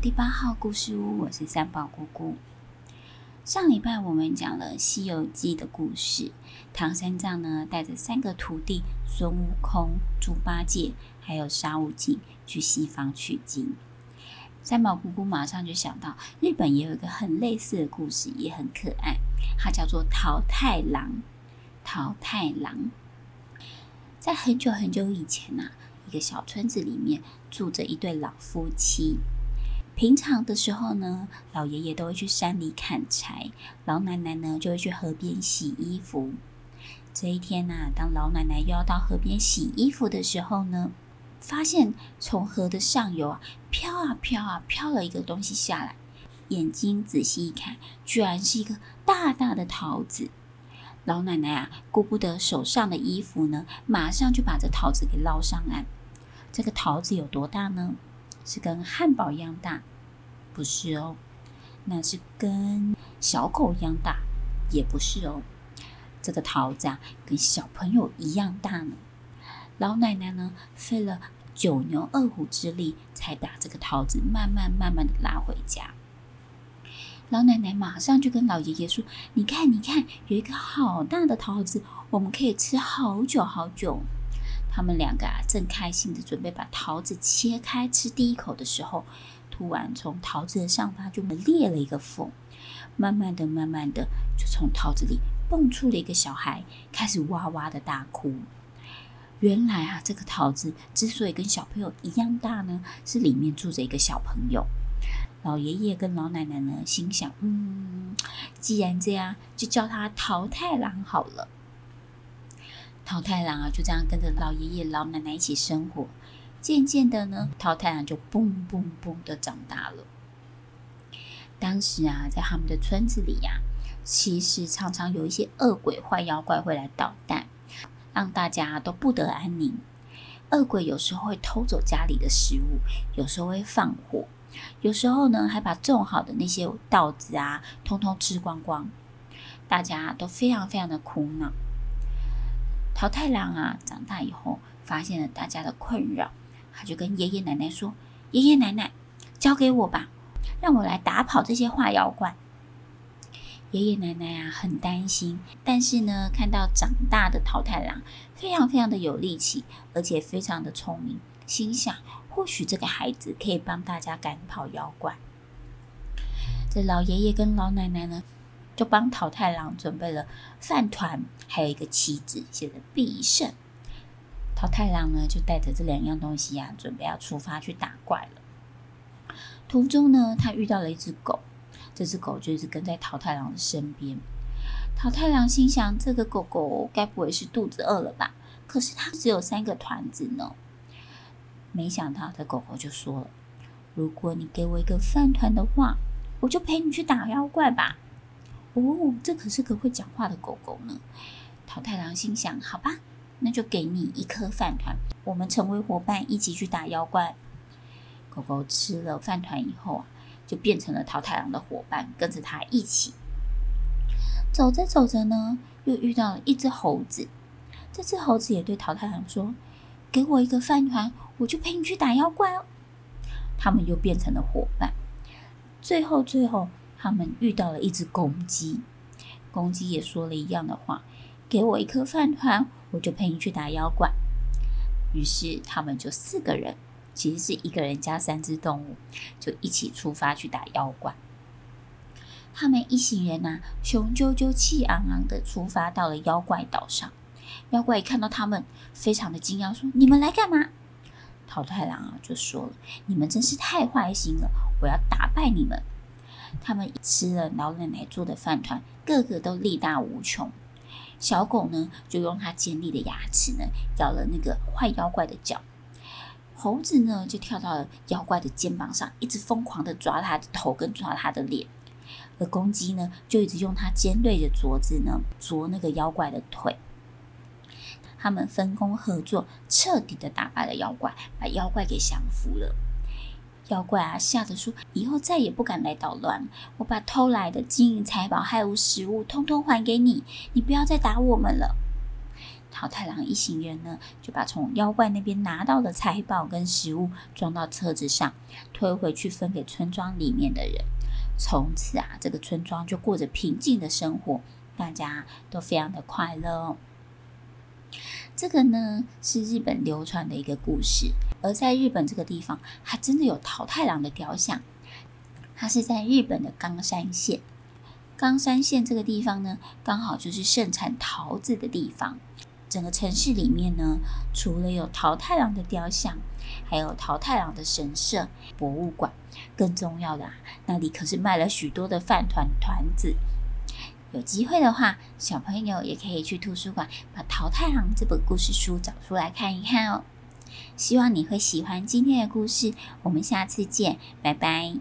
第八號故事屋，我是三寶姑姑。上禮拜我們講了《西遊記》的故事，唐三藏呢帶着三個徒弟孫悟空、豬八戒，還有沙悟淨去西方取經。三寶姑姑馬上就想到，日本也有一個很類似的故事，也很可愛，它叫做《桃太郎》。桃太郎在很久很久以前吶、啊，一個小村子裡面住着一對老夫妻。平常的時候呢，老爺爺都會去山裡砍柴，老奶奶呢就會去河邊洗衣服。這一天吶，當老奶奶又要到河邊洗衣服的時候呢，發現從河的上游飄啊飄啊飄啊飄了一個東西下來，眼睛仔細一看，居然是一個大大的桃子。老奶奶啊，顧不得手上的衣服呢，馬上就把這桃子給撈上岸。這個桃子有多大呢？是跟漢堡一樣大？不是哦。那是跟小狗一樣大，也不是哦。這個桃子啊，跟小朋友一樣大呢。老奶奶呢，費了九牛二虎之力，才把這個桃子慢慢慢慢的拉回家。老奶奶馬上就跟老爺爺說：“你看，你看，有一個好大的桃子，我們可以吃好久好久。”他們兩個啊，正開心的準備把桃子切開吃第一口的時候，突然從桃子的上方就裂了一個縫，慢慢的、慢慢的，就從桃子裡蹦出了一個小孩，開始哇哇的大哭。原來啊，這個桃子之所以跟小朋友一樣大呢，是裡面住着一個小朋友。老爺爺跟老奶奶呢，心想：嗯，既然這樣，就叫他桃太郎好了。桃太郎啊，就這樣跟着老爺爺、老奶奶一起生活。漸漸的呢，桃太郎就蹦蹦蹦的長大了。當時啊，在他們的村子裡呀，其實常常有一些惡鬼、壞妖怪會來搗蛋，讓大家都不得安寧。惡鬼有時候會偷走家裡的食物，有時候會放火，有時候呢，還把種好的那些稻子啊，通通吃光光。大家都非常非常的苦惱。桃太郎啊，長大以後發現了大家的困擾，他就跟爺爺奶奶說：“爺爺奶奶，交給我吧，讓我來打跑這些壞妖怪。”爺爺奶奶啊，很擔心，但是呢，看到長大的桃太郎非常非常的有力氣，而且非常的聰明，心想：或許這個孩子可以幫大家趕跑妖怪。這老爺爺跟老奶奶呢，就幫桃太郎準備了飯糰，還有一個棋子，寫着“必勝”。桃太郎呢，就帶着這兩樣東西呀、啊，準備要出發去打怪了。途中呢，他遇到了一隻狗，這隻狗就一直跟在桃太郎的身邊。桃太郎心想：“這個狗狗該不會是肚子餓了吧？”可是他只有三個糰子呢。沒想到，這狗狗就說了：“如果你給我一個飯糰的話，我就陪你去打妖怪吧。”哦，這可是個會講話的狗狗呢！桃太郎心想：“好吧，那就給你一顆飯團，我們成為夥伴，一起去打妖怪。”狗狗吃了飯團以後啊，就變成了桃太郎的夥伴，跟着他一起。走着走着呢，又遇到了一隻猴子。這隻猴子也對桃太郎說：“給我一個飯團，我就陪你去打妖怪。”哦，他們又變成了夥伴。最後，最後。他們遇到了一隻公雞，公雞也說了一樣的話：“給我一顆飯糰，我就陪你去打妖怪。”於是他們就四個人，其實是一個人加三隻動物，就一起出發去打妖怪。他們一行人啊，雄赳赳氣昂昂的出發到了妖怪島上。妖怪一看到他們，非常的驚訝，說：“你們來幹嘛？”桃太郎啊，就說了：“你們真是太壞心了，我要打敗你們。”他們吃了老奶奶做的飯糰，個個都力大無窮。小狗呢，就用它尖利的牙齒呢咬了那個壞妖怪的腳；猴子呢，就跳到了妖怪的肩膀上，一直瘋狂的抓他的頭跟抓他的臉；而公雞呢，就一直用它尖銳的爪子呢啄那個妖怪的腿。他們分工合作，徹底的打敗了妖怪，把妖怪給降服了。妖怪啊，嚇得說：“以後再也不敢來搗亂了，我把偷來的金銀財寶還有食物，通通還給你。你不要再打我們了。”桃太郎一行人呢，就把從妖怪那邊拿到的財寶跟食物裝到車子上，推回去分給村莊裡面的人。從此啊，這個村莊就過着平靜的生活，大家都非常的快樂。這個呢，是日本流傳的一個故事。而在日本這個地方，還真的有桃太郎的雕像。它是在日本的岡山縣。岡山縣這個地方呢，剛好就是盛產桃子的地方。整個城市裡面呢，除了有桃太郎的雕像，還有桃太郎的神社、博物館。更重要的啊，那裡可是賣了許多的飯糰糰子。有機會的話，小朋友也可以去圖書館，把《桃太郎》這本故事書找出來看一看哦。希望你會喜歡今天的故事。我們下次見，拜拜。